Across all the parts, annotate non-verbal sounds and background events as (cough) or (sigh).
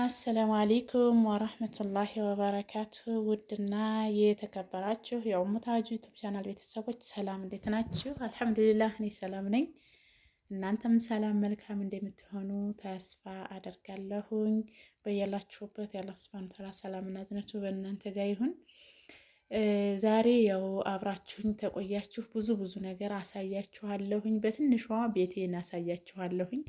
አሰላሙ አሌይኩም ወራህመቱላሂ ወበረካቱ። ውድና የተከበራችሁ የኡሙታጁ ዩቱብ ቻናል ቤተሰቦች ሰላም፣ እንዴት ናችሁ? አልሐምዱሊላህ እኔ ሰላም ነኝ። እናንተም ሰላም መልካም እንደምትሆኑ ተስፋ አደርጋለሁኝ። በያላችሁበት ያላ ስብን ተላ ሰላምና ዝነቱ በእናንተ ጋር ይሁን። ዛሬ ያው አብራችሁኝ ተቆያችሁ ብዙ ብዙ ነገር አሳያችኋለሁኝ። በትንሿ ቤቴን አሳያችኋለሁኝ።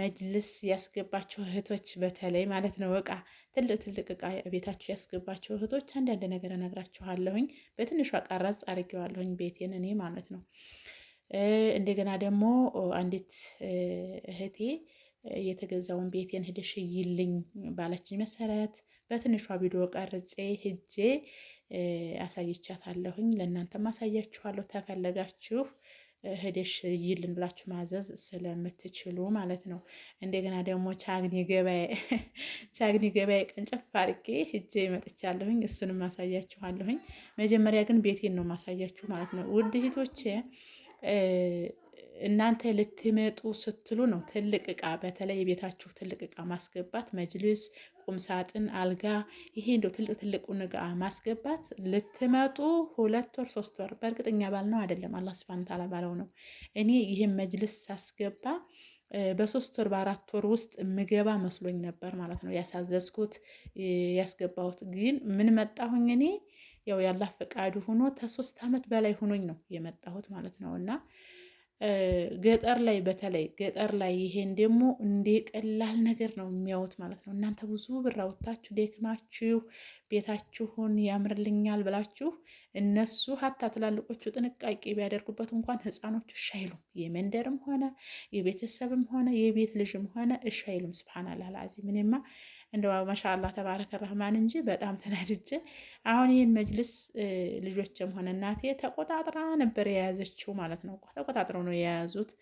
መጅልስ ያስገባችሁ እህቶች በተለይ ማለት ነው እቃ ትልቅ ትልቅ እቃ ቤታችሁ ያስገባችሁ እህቶች አንዳንድ ነገር እነግራችኋለሁኝ። በትንሿ ቀረጽ አድርጌዋለሁኝ ቤቴን እኔ ማለት ነው። እንደገና ደግሞ አንዲት እህቴ የተገዛውን ቤቴን ሂደሽ ይልኝ ባለችኝ መሰረት በትንሿ ቪዲዮ ቀርጬ ሂጄ አሳይቻታለሁኝ። ለእናንተ ማሳያችኋለሁ። ተፈለጋችሁ ህደሽ ይልን ብላችሁ ማዘዝ ስለምትችሉ ማለት ነው። እንደገና ደግሞ ቻግኒ ገበያ (laughs) ቻግኒ ገበያ ቀንጨፍ አድርጌ ሂጄ መጥቻለሁኝ። እሱንም መጀመሪያ ግን ቤቴን ነው ማሳያችሁ ማለት ነው ውድ ሂቶቼ እናንተ ልትመጡ ስትሉ ነው ትልቅ እቃ በተለይ የቤታችሁ ትልቅ እቃ ማስገባት መጅልስ፣ ቁምሳጥን፣ አልጋ ይሄ እንደው ትልቅ ትልቁን እቃ ማስገባት ልትመጡ ሁለት ወር ሶስት ወር በእርግጠኛ ባል ነው አይደለም አላህ ስብሐነ ተዓላ ባለው ነው። እኔ ይህን መጅልስ ሳስገባ በሶስት ወር በአራት ወር ውስጥ ምገባ መስሎኝ ነበር ማለት ነው ያሳዘዝኩት ያስገባሁት። ግን ምን መጣሁኝ እኔ ያው ያላ ፈቃዱ ሆኖ ከሶስት አመት በላይ ሆኖኝ ነው የመጣሁት ማለት ነው እና ገጠር ላይ በተለይ ገጠር ላይ ይሄን ደግሞ እንደ ቀላል ነገር ነው የሚያዩት ማለት ነው። እናንተ ብዙ ብር አውጥታችሁ ደክማችሁ ቤታችሁን ያምርልኛል ብላችሁ እነሱ ሀታ ትላልቆቹ ጥንቃቄ ቢያደርጉበት እንኳን ህፃኖቹ እሺ አይሉም። የመንደርም ሆነ የቤተሰብም ሆነ የቤት ልጅም ሆነ እሺ አይሉም። ስብሓን አላህ እንደው ማሻአላ ተባረከ ረህማን እንጂ በጣም ተናድጄ አሁን ይህን መጅልስ ልጆችም ሆነ እናቴ ተቆጣጥራ ነበር የያዘችው ማለት ነው። ተቆጣጥረው ነው የያዙት።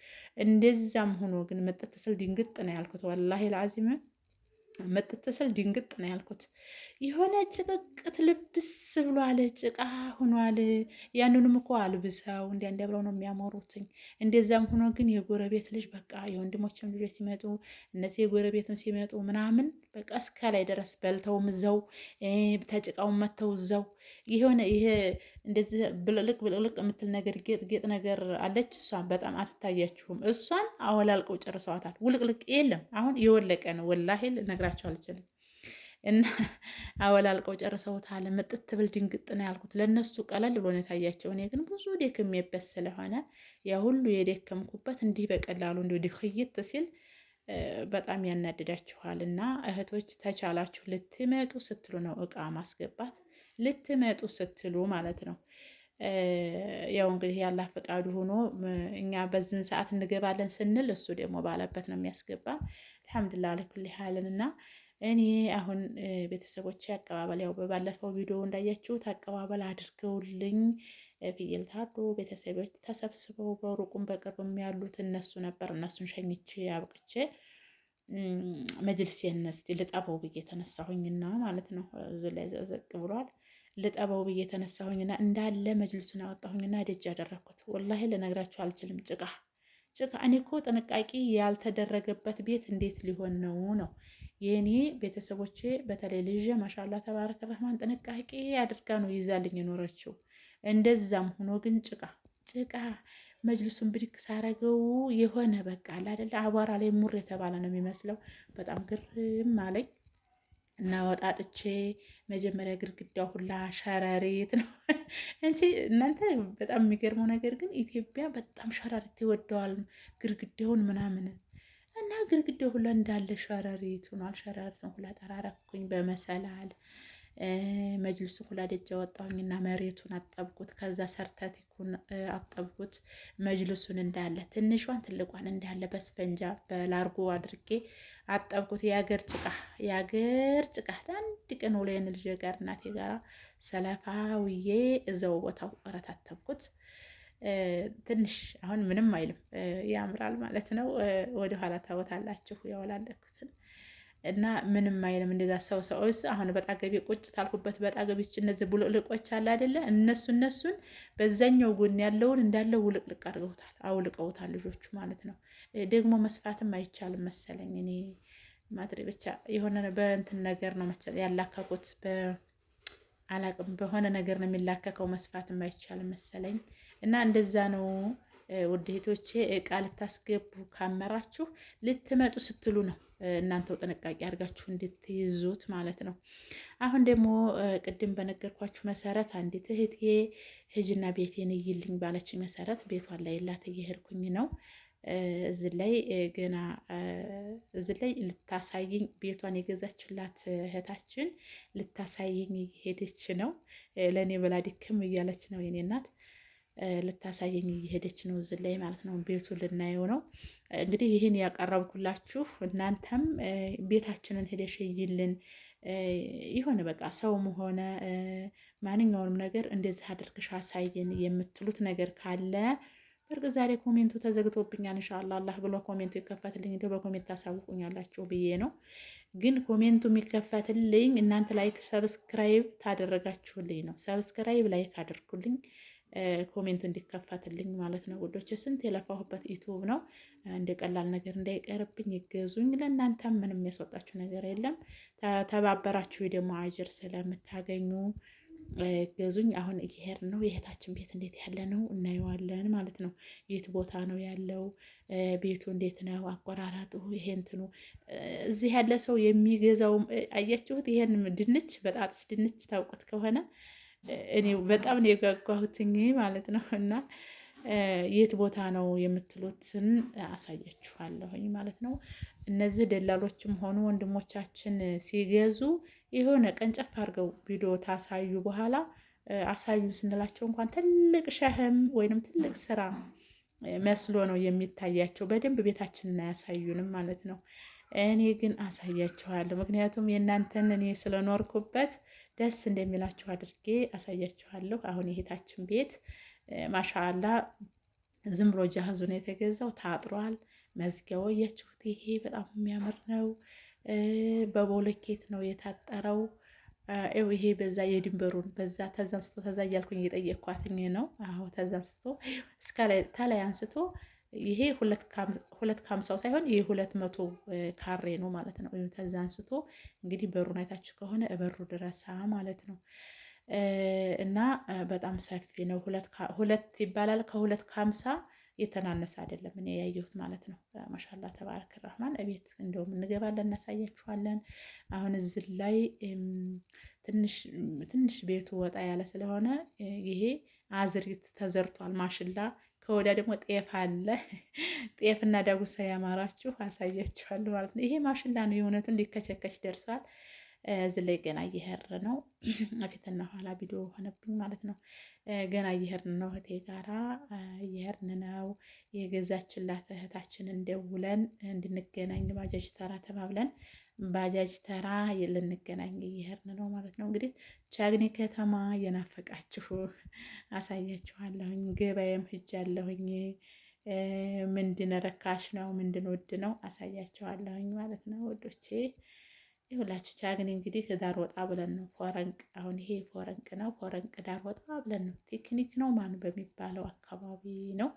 እንደዛም ሆኖ ግን መጠጥ ስል ድንግጥ ነው ያልኩት። ወላሂ ለአዚም መጠጥ ስል ድንግጥ ነው ያልኩት። የሆነ ጭቅቅት ልብስ ብሏል፣ ጭቃ ሆኗል። ያንንም እኮ አልብሰው እንዲያንድ ብለው ነው የሚያሞሩትኝ። እንደዛም ሆኖ ግን የጎረቤት ልጅ በቃ የወንድሞችም ልጆች ሲመጡ እነዚህ የጎረቤትም ሲመጡ ምናምን በቃ እስከ ላይ ድረስ በልተውም እዛው ተጭቃውም መተው እዛው የሆነ ይሄ እንደዚህ ብልቅልቅ ብልቅልቅ የምትል ነገር ጌጥጌጥ ነገር አለች። እሷን በጣም አትታያችሁም። እሷን አወላልቀው ጨርሰዋታል። ውልቅልቅ የለም አሁን የወለቀ ነው። ወላሂ ልነግራቸው አልችልም። እና አወላልቀው ጨርሰውታል። ምጥት ብል ድንግጥ ነው ያልኩት። ለእነሱ ቀለል ብሎ ነው የታያቸው። እኔ ግን ብዙ ደክሜበት ስለሆነ ያ ሁሉ የደከምኩበት እንዲህ በቀላሉ እንዲሁ ድክይት ሲል በጣም ያናድዳችኋል። እና እህቶች ተቻላችሁ ልትመጡ ስትሉ ነው እቃ ማስገባት፣ ልትመጡ ስትሉ ማለት ነው። ያው እንግዲህ ያላ ፈቃዱ ሆኖ እኛ በዝን ሰዓት እንገባለን ስንል እሱ ደግሞ ባለበት ነው የሚያስገባ። አልሐምዱላ አለኩል ሀልን እና እኔ አሁን ቤተሰቦቼ አቀባበል ያው በባለፈው ቪዲዮ እንዳያችሁት አቀባበል አድርገውልኝ ፍየል ታርዶ ቤተሰቦች ተሰብስበው በሩቁም በቅርብም ያሉት እነሱ ነበር። እነሱን ሸኝቼ አብቅቼ መጅልስ እስቲ ልጠበው ብዬ ተነሳሁኝና ማለት ነው እዚ ላይ ዘዘቅ ብሏል። ልጠበው ብዬ ተነሳሁኝና እንዳለ መጅልሱን አወጣሁኝና ደጅ ያደረግኩት ወላሂ ልነግራችሁ አልችልም። ጭቃ ጭቃ እኔ እኮ ጥንቃቄ ያልተደረገበት ቤት እንዴት ሊሆን ነው ነው የእኔ ቤተሰቦቼ በተለይ ልጄ ማሻላ ተባረከ ረህማን ጥንቃቄ አድርጋ ነው ይዛልኝ የኖረችው። እንደዛም ሆኖ ግን ጭቃ ጭቃ መጅልሱን ብድክ ሳረገው የሆነ በቃ አላደለ አቧራ ላይ ሙር የተባለ ነው የሚመስለው። በጣም ግርም አለኝ እና ወጣጥቼ መጀመሪያ ግድግዳው ሁላ ሸረሪት ነው እንጂ እናንተ በጣም የሚገርመው ነገር ግን ኢትዮጵያ በጣም ሸረሪት ይወደዋል ግድግዳውን ምናምን እና ግርግዳ ሁላ እንዳለ ሸረሪት ሆኗል። ሸረሪቱን ሁላ ጠራረኩኝ በመሰላል መጅልሱ ሁላ ደጀ ደጅ እና መሬቱን አጠብኩት። ከዛ ሰርተቲኩን አጠብኩት። መጅልሱን እንዳለ ትንሿን ትልቋን እንዳለ በስፈንጃ በላርጎ አድርጌ አጠብኩት። የአገር ጭቃ የአገር ጭቃ። አንድ ቀን ውሎዬን ልጄ ጋር እናቴ ጋር ሰለፋ ውዬ እዛው ቦታው እረታተብኩት። ትንሽ አሁን ምንም አይልም፣ ያምራል ማለት ነው። ወደኋላ ታወታላችሁ ያወላለኩትን እና ምንም አይልም። እንደዛ ሰው ሰውስ አሁን በጣገቢ ቁጭ ታልኩበት በጣገቢዎች እነዚህ ቡልቅልቆች አለ አይደለ? እነሱ እነሱን በዛኛው ጎን ያለውን እንዳለ ውልቅልቅ አድርገውታል፣ አውልቀውታል ልጆቹ ማለት ነው። ደግሞ መስፋትም አይቻልም መሰለኝ እኔ ማድሪ ብቻ የሆነ በእንትን ነገር ነው መሰለኝ ያላካኩት፣ በአላቅም በሆነ ነገር ነው የሚላከከው። መስፋትም አይቻልም መሰለኝ እና እንደዛ ነው ውድ እህቶቼ እቃ ልታስገቡ ካመራችሁ ልትመጡ ስትሉ ነው እናንተው ጥንቃቄ አድርጋችሁ እንድትይዙት ማለት ነው። አሁን ደግሞ ቅድም በነገርኳችሁ መሰረት አንዲት እህቴ ህጅና ቤቴን እይልኝ ባለች መሰረት ቤቷን ላይ ላት እየሄድኩኝ ነው። እዚ ላይ ገና እዚ ላይ ልታሳየኝ ቤቷን የገዛችላት እህታችን ልታሳየኝ እየሄደች ነው። ለእኔ በላዲክም እያለች ነው የኔ እናት ልታሳየኝ እየሄደች ነው እዚህ ላይ ማለት ነው። ቤቱ ልናየው ነው እንግዲህ ይህን ያቀረብኩላችሁ። እናንተም ቤታችንን ሄደሽ እይልን የሆነ በቃ ሰውም ሆነ ማንኛውንም ነገር እንደዚህ አድርግሽ አሳየን የምትሉት ነገር ካለ በእርግጥ ዛሬ ኮሜንቱ ተዘግቶብኛል። እንሻላ አላህ ብሎ ኮሜንቱ ይከፈትልኝ እንዲሁ በኮሜንት ታሳውቁኛላችሁ ብዬ ነው። ግን ኮሜንቱ የሚከፈትልኝ እናንተ ላይክ፣ ሰብስክራይብ ታደረጋችሁልኝ ነው። ሰብስክራይብ ላይክ አድርጉልኝ። ኮሜንቱ እንዲከፈትልኝ ማለት ነው ውዶች። ስንት የለፋሁበት ዩቱብ ነው። እንደ ቀላል ነገር እንዳይቀርብኝ ይገዙኝ። ለእናንተም ምንም የሚያስወጣችሁ ነገር የለም። ተባበራችሁ ደግሞ አጅር ስለምታገኙ ገዙኝ። አሁን እየሄድ ነው። የእህታችን ቤት እንዴት ያለ ነው እናየዋለን ማለት ነው። የት ቦታ ነው ያለው? ቤቱ እንዴት ነው አቆራረጡ? ይሄ እንትኑ እዚህ ያለ ሰው የሚገዛው አያችሁት? ይሄን ድንች በጣጥስ ድንች ታውቁት ከሆነ እኔ በጣም ነው የጓጓሁትኝ ማለት ነው። እና የት ቦታ ነው የምትሉትን አሳያችኋለሁኝ ማለት ነው። እነዚህ ደላሎችም ሆኑ ወንድሞቻችን ሲገዙ የሆነ ቀንጨፍ አድርገው ቪዲዮ ታሳዩ በኋላ አሳዩ ስንላቸው እንኳን ትልቅ ሸህም ወይንም ትልቅ ስራ መስሎ ነው የሚታያቸው። በደንብ ቤታችንን አያሳዩንም ማለት ነው። እኔ ግን አሳያችኋለሁ። ምክንያቱም የእናንተን እኔ ስለኖርኩበት ደስ እንደሚላችሁ አድርጌ አሳያችኋለሁ። አሁን የሄታችን ቤት ማሻአላ ዝም ብሎ ጃህዙ ነው የተገዛው፣ ታጥሯል። መዝጊያው እያችሁት፣ ይሄ በጣም የሚያምር ነው። በቦለኬት ነው የታጠረው። ይሄ በዛ የድንበሩን በዛ ተዛምስቶ ተዛ እያልኩኝ እየጠየቅኳትኝ ነው። አሁ ተዛምስቶ እስከ ተላይ አንስቶ ይሄ ሁለት ከሀምሳው ሳይሆን ይሄ ሁለት መቶ ካሬ ነው ማለት ነው። ወይም ከዛ አንስቶ እንግዲህ በሩን አይታችሁ ከሆነ እበሩ ድረሳ ማለት ነው እና በጣም ሰፊ ነው። ሁለት ይባላል ከሁለት ከሀምሳ የተናነሰ አይደለም እኔ ያየሁት ማለት ነው። ማሻላ ተባረክ ራህማን እቤት እንደውም እንገባለን እናሳያችኋለን። አሁን እዚህ ላይ ትንሽ ቤቱ ወጣ ያለ ስለሆነ ይሄ አዝሪት ተዘርቷል ማሽላ ከወዲያ ደግሞ ጤፍ አለ። እና ዳጉሳ ያማራችሁ አሳያችኋለሁ ማለት ነው። ይሄ ማሽላ ነው የእውነቱን ሊከቸከች ደርሷል። እዚ ላይ ገና እየሄድን ነው። ፊትና ኋላ ቪዲዮ ሆነብኝ ማለት ነው። ገና እየሄድን ነው። እህቴ ጋራ እየሄድን ነው። የገዛችላት እህታችን እንደውለን እንድንገናኝ ባጃጅ ተራ ተባብለን ባጃጅ ተራ ልንገናኝ እየሄድን ነው ማለት ነው። እንግዲህ ቻግኒ ከተማ የናፈቃችሁ አሳያችኋለሁኝ። ገበያም ሂጃለሁኝ። ምንድን ረካሽ ነው ምንድን ውድ ነው አሳያችኋለሁኝ ማለት ነው ወዶቼ ይሁላችሁ ቻግኒ እንግዲህ ከዳር ወጣ ብለን ነው ፎረንቅ። አሁን ይሄ ፎረንቅ ነው። ፎረንቅ ዳር ወጣ ብለን ነው ቴክኒክ ነው ማን በሚባለው አካባቢ ነው።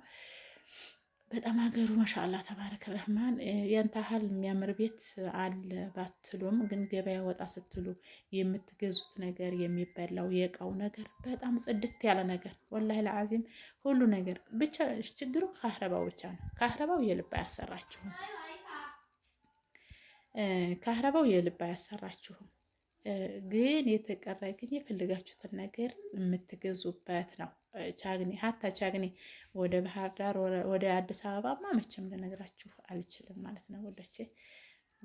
በጣም ሀገሩ ማሻአላ ተባረከ ረህማን ያንተ ያንታህል የሚያምር ቤት አለ ባትሉም፣ ግን ገበያ ወጣ ስትሉ የምትገዙት ነገር የሚበላው የእቃው ነገር በጣም ጽድት ያለ ነገር ወላሂ ለአዚም ሁሉ ነገር ብቻ ችግሩ ካህረባው ብቻ ነው። ካህረባው የልብ አያሰራችሁም። ከአህረባው የልብ አያሰራችሁም። ግን የተቀረ ግን የፈለጋችሁትን ነገር የምትገዙበት ነው። ቻግኒ ሀታ ቻግኒ ወደ ባህር ዳር ወደ አዲስ አበባ ማ መቼም ልነግራችሁ አልችልም ማለት ነው ወደች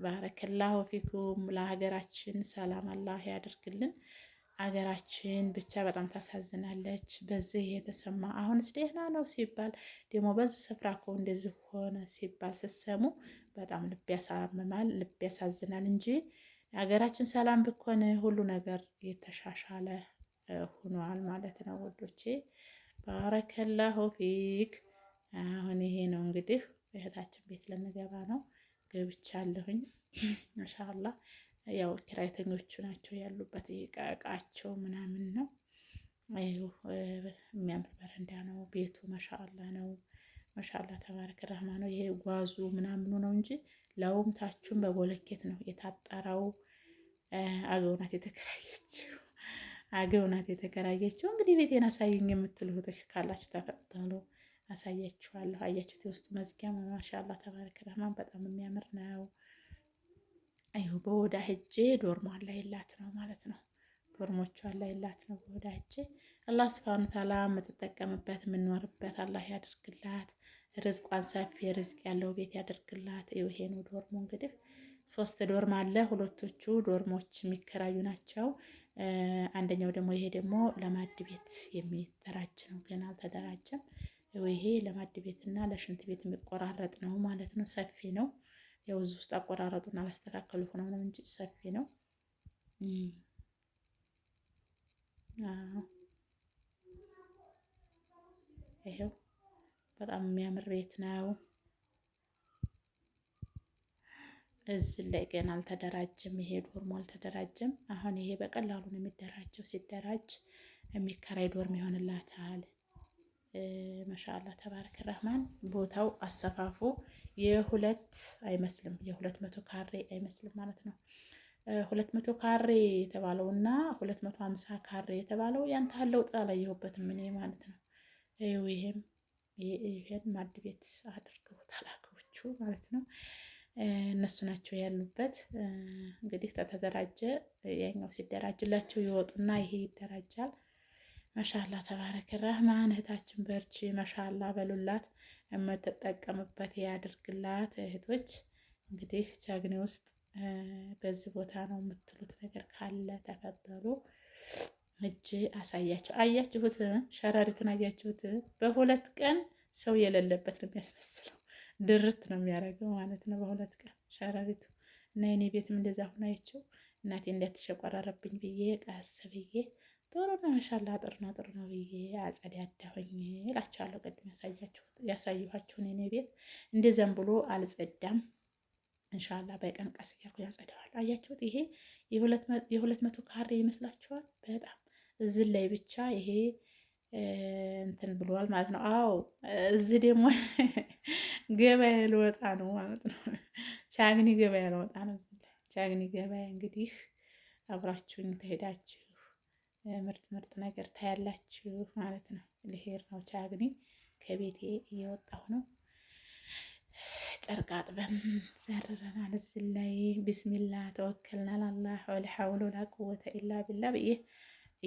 ባረከላሁ ፊኩም ለሀገራችን ሰላም አላህ ያደርግልን። አገራችን ብቻ በጣም ታሳዝናለች። በዚህ የተሰማ አሁንስ ደህና ነው ሲባል ደግሞ በዚህ ስፍራ እኮ እንደዚህ ሆነ ሲባል ስሰሙ በጣም ልብ ያሳምማል፣ ልብ ያሳዝናል እንጂ አገራችን ሰላም ብኮን ሁሉ ነገር የተሻሻለ ሆኗል ማለት ነው ወዶቼ። ባረከላሁ ፊክ። አሁን ይሄ ነው እንግዲህ እህታችን ቤት ለሚገባ ነው ገብቻለሁኝ። ማሻአላህ ያው ኪራይተኞቹ ናቸው ያሉበት። እቃቸው ምናምን ነው። የሚያምር በረንዳ ነው ቤቱ። መሻላ ነው መሻላ ተባረከ ረህማ ነው። ይሄ ጓዙ ምናምኑ ነው እንጂ ለውም ታችሁም በቦለኬት ነው የታጠራው። አገውናት የተከራየችው፣ አገውናት የተከራየችው። እንግዲህ ቤቴን አሳየኝ የምትሉ እህቶች ካላችሁ ተፈጠሉ አሳያችኋለሁ። አያችሁት የውስጥ መዝጊያ ማሻላ ተባረከ ረህማን በጣም የሚያምር ነው። አይሁ በወዳ ሄጄ ዶርሟን ላይላት ነው ማለት ነው። ዶርሞቿን ላይላት ነው በወዳ ህጄ አላህ ስብሐነ ተዓላ የምትጠቀምበት የምንኖርበት አላህ ያደርግላት። ርዝቋን ሰፊ ርዝቅ ያለው ቤት ያደርግላት። ይሄ ነው ዶርሞ እንግዲህ ሶስት ዶርም አለ። ሁለቶቹ ዶርሞች የሚከራዩ ናቸው። አንደኛው ደግሞ ይሄ ደግሞ ለማድ ቤት የሚደራጅ ነው፣ ገና አልተደራጀም። ይሄ ለማድ ቤት እና ለሽንት ቤት የሚቆራረጥ ነው ማለት ነው። ሰፊ ነው። ያው እዚህ ውስጥ አቆራረጡን አላስተካከሉ ሆነው ነው እንጂ ሰፊ ነው። ይሄው በጣም የሚያምር ቤት ነው። እዚህ ላይ ገና አልተደራጀም። ይሄ ዶርሞ አልተደራጀም። አሁን ይሄ በቀላሉ ነው የሚደራጀው። ሲደራጅ የሚከራይ ዶርም ይሆንላታል። ማሻአላ ተባረከ ረህማን ቦታው አሰፋፉ የሁለት አይመስልም፣ የሁለት መቶ ካሬ አይመስልም ማለት ነው። ሁለት መቶ ካሬ የተባለው እና ሁለት መቶ ሀምሳ ካሬ የተባለው ያንተ ታህል ለውጥ አላየሁበትም እኔ ማለት ነው። ይሄም ይሄን ማድ ቤት አድርገውታል አገዎቹ ማለት ነው። እነሱ ናቸው ያሉበት። እንግዲህ ተተደራጀ ያኛው ሲደራጅላቸው ይወጡና ይሄ ይደራጃል። መሻላ ተባረክ ረህማን እህታችን በርቺ፣ መሻላ በሉላት፣ የምትጠቀምበት ያድርግላት። እህቶች እንግዲህ ቻግኒ ውስጥ በዚህ ቦታ ነው የምትሉት ነገር ካለ ተከተሉ፣ እጅ አሳያቸው። አያችሁት? ሸረሪትን አያችሁት? በሁለት ቀን ሰው የሌለበት ነው የሚያስመስለው። ድርት ነው የሚያደርገው ማለት ነው በሁለት ቀን ሸረሪቱ እና የኔ ቤትም እንደዛ ሁናይቸው እናቴ እንዳትሸቋረረብኝ ብዬ ቀስ ብዬ ጥሩ ነው ማሻላ ጥሩ ነው ጥሩ ነው ብዬ አጸዳዳሁኝ እላቸዋለሁ። ቅድም ያሳየኋችሁን እኔ ቤት እንደዚያም ብሎ አልጸዳም። እንሻላ በቀን ቀስ እያልኩ ያጸደዋል። አያችሁት? ይሄ የሁለት መቶ ካሬ ይመስላችኋል? በጣም እዚህ ላይ ብቻ ይሄ እንትን ብሏል ማለት ነው። አዎ እዚህ ደግሞ (laughs) ገበያ ልወጣ ነው ማለት ነው። ቻግኒ ገበያ ልወጣ ነው። ቻግኒ ገበያ እንግዲህ አብራችሁኝ ተሄዳችሁ ምርጥ ምርጥ ነገር ታያላችሁ ማለት ነው። ልሄድ ነው ቻግኒ ከቤቴ እየወጣሁ ነው። ጨርቅ አጥበን ዘርረናል። እዚህ ላይ ቢስሚላ ተወከልናል። አላህ ወላ ሐውሎ ወላ ቁወተ ኢላ ቢላ ብዬ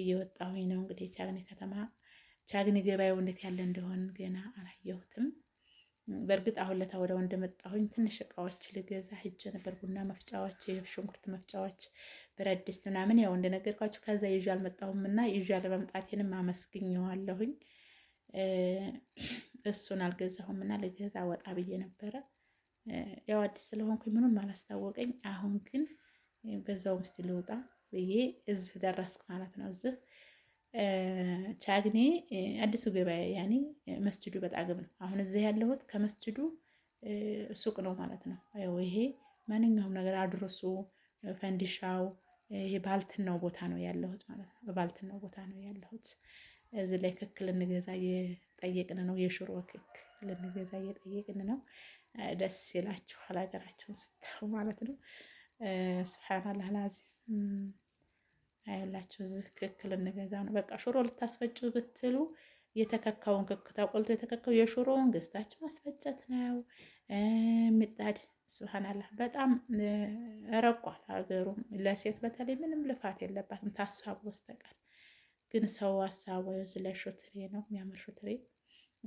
እየወጣሁኝ ነው። እንግዲህ ቻግኒ ከተማ ቻግኒ ገበያው እንዴት ያለ እንደሆን ገና አላየሁትም። በእርግጥ አሁን ለታ ወዲያው እንደመጣሁኝ ትንሽ እቃዎች ልገዛ ሂጄ ነበር። ቡና መፍጫዎች፣ የሽንኩርት መፍጫዎች፣ ብረት ድስት ምናምን ያው እንደነገርኳችሁ ከዛ ይዤ አልመጣሁም እና ይዤ ለመምጣቴንም አመስግኘዋለሁኝ። እሱን አልገዛሁም እና ልገዛ ወጣ ብዬ ነበረ። ያው አዲስ ስለሆንኩኝ ምንም አላስታወቀኝ። አሁን ግን በዛውም እስቲ ልውጣ ብዬ እዚህ ደረስኩ ማለት ነው። እዚህ ቻግኔ አዲሱ ገበያ ያኔ መስጅዱ በጣግብ ነው። አሁን እዚህ ያለሁት ከመስጅዱ ሱቅ ነው ማለት ነው። ይሄ ማንኛውም ነገር አድርሱ ፈንዲሻው ይሄ ባልትናው ቦታ ነው ያለሁት ማለት ነው። በባልትናው ቦታ ነው ያለሁት። እዚህ ላይ ክክ ልንገዛ እየጠየቅን ነው። የሽሮ ክክ ልንገዛ እየጠየቅን ነው። ደስ ይላችኋል ሀገራችሁን ስታዩ ማለት ነው። ስብሓናላህ ላዚም አያላችሁ። እዚህ ክክ ልንገዛ ነው። በቃ ሽሮ ልታስፈጩ ብትሉ የተከካውን ክክ ተቆልቶ የተከካው የሽሮውን ገዝታችሁ ማስፈጨት ነው። ምጣድ ስብሓናላህ በጣም ረቋል ሀገሩ። ለሴት በተለይ ምንም ልፋት የለባትም ታሳቡ በስተቀር ግን ሰው ሀሳቡ እዚህ ላይ ሾትሬ ነው የሚያምር ሾትሬ፣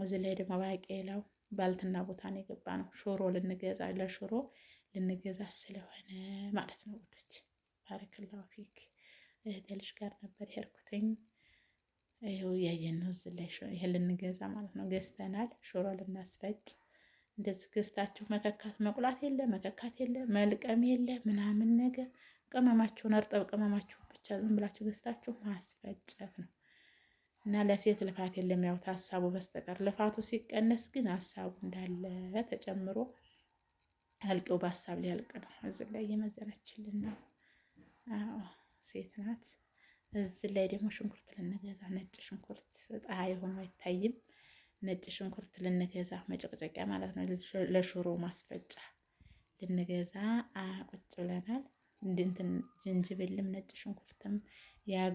እዚህ ላይ ደግሞ ባቄላው ባልትና ቦታ ነው የገባ ነው። ሾሮ ልንገዛ ለሾሮ ልንገዛ ስለሆነ ማለት ነው። ውዶች ባረክላሁ ፊክ እህቴ ልጅ ጋር ነበር የሄድኩትኝ። ይኸው ያየን ነው እዚህ ላይ ይህ ልንገዛ ማለት ነው ገዝተናል። ሾሮ ልናስፈጭ እንደዚህ ገዝታችሁ መከካት መቁላት የለ መከካት የለ መልቀም የለ ምናምን ነገር ቅመማችሁን እርጥብ ቅመማችሁን ብቻ ዝም ብላችሁ ገዝታችሁ ማስፈጨት ነው እና ለሴት ልፋት የለም ያው ሀሳቡ በስተቀር ልፋቱ ሲቀነስ ግን ሀሳቡ እንዳለ ተጨምሮ ያልቀው በሀሳብ ሊያልቅ ነው። እዚ ላይ እየመዘነችልን ነው። አዎ ሴት ናት። እዚህ ላይ ደግሞ ሽንኩርት ልንገዛ ነጭ ሽንኩርት ጣ የሆኑ አይታይም ነጭ ሽንኩርት ልንገዛ መጨቅጨቂያ ማለት ነው፣ ለሽሮ ማስፈጫ ልንገዛ ቁጭ ብለናል። እንድንትን ዝንጅብልም ነጭ ሽንኩርትም ያ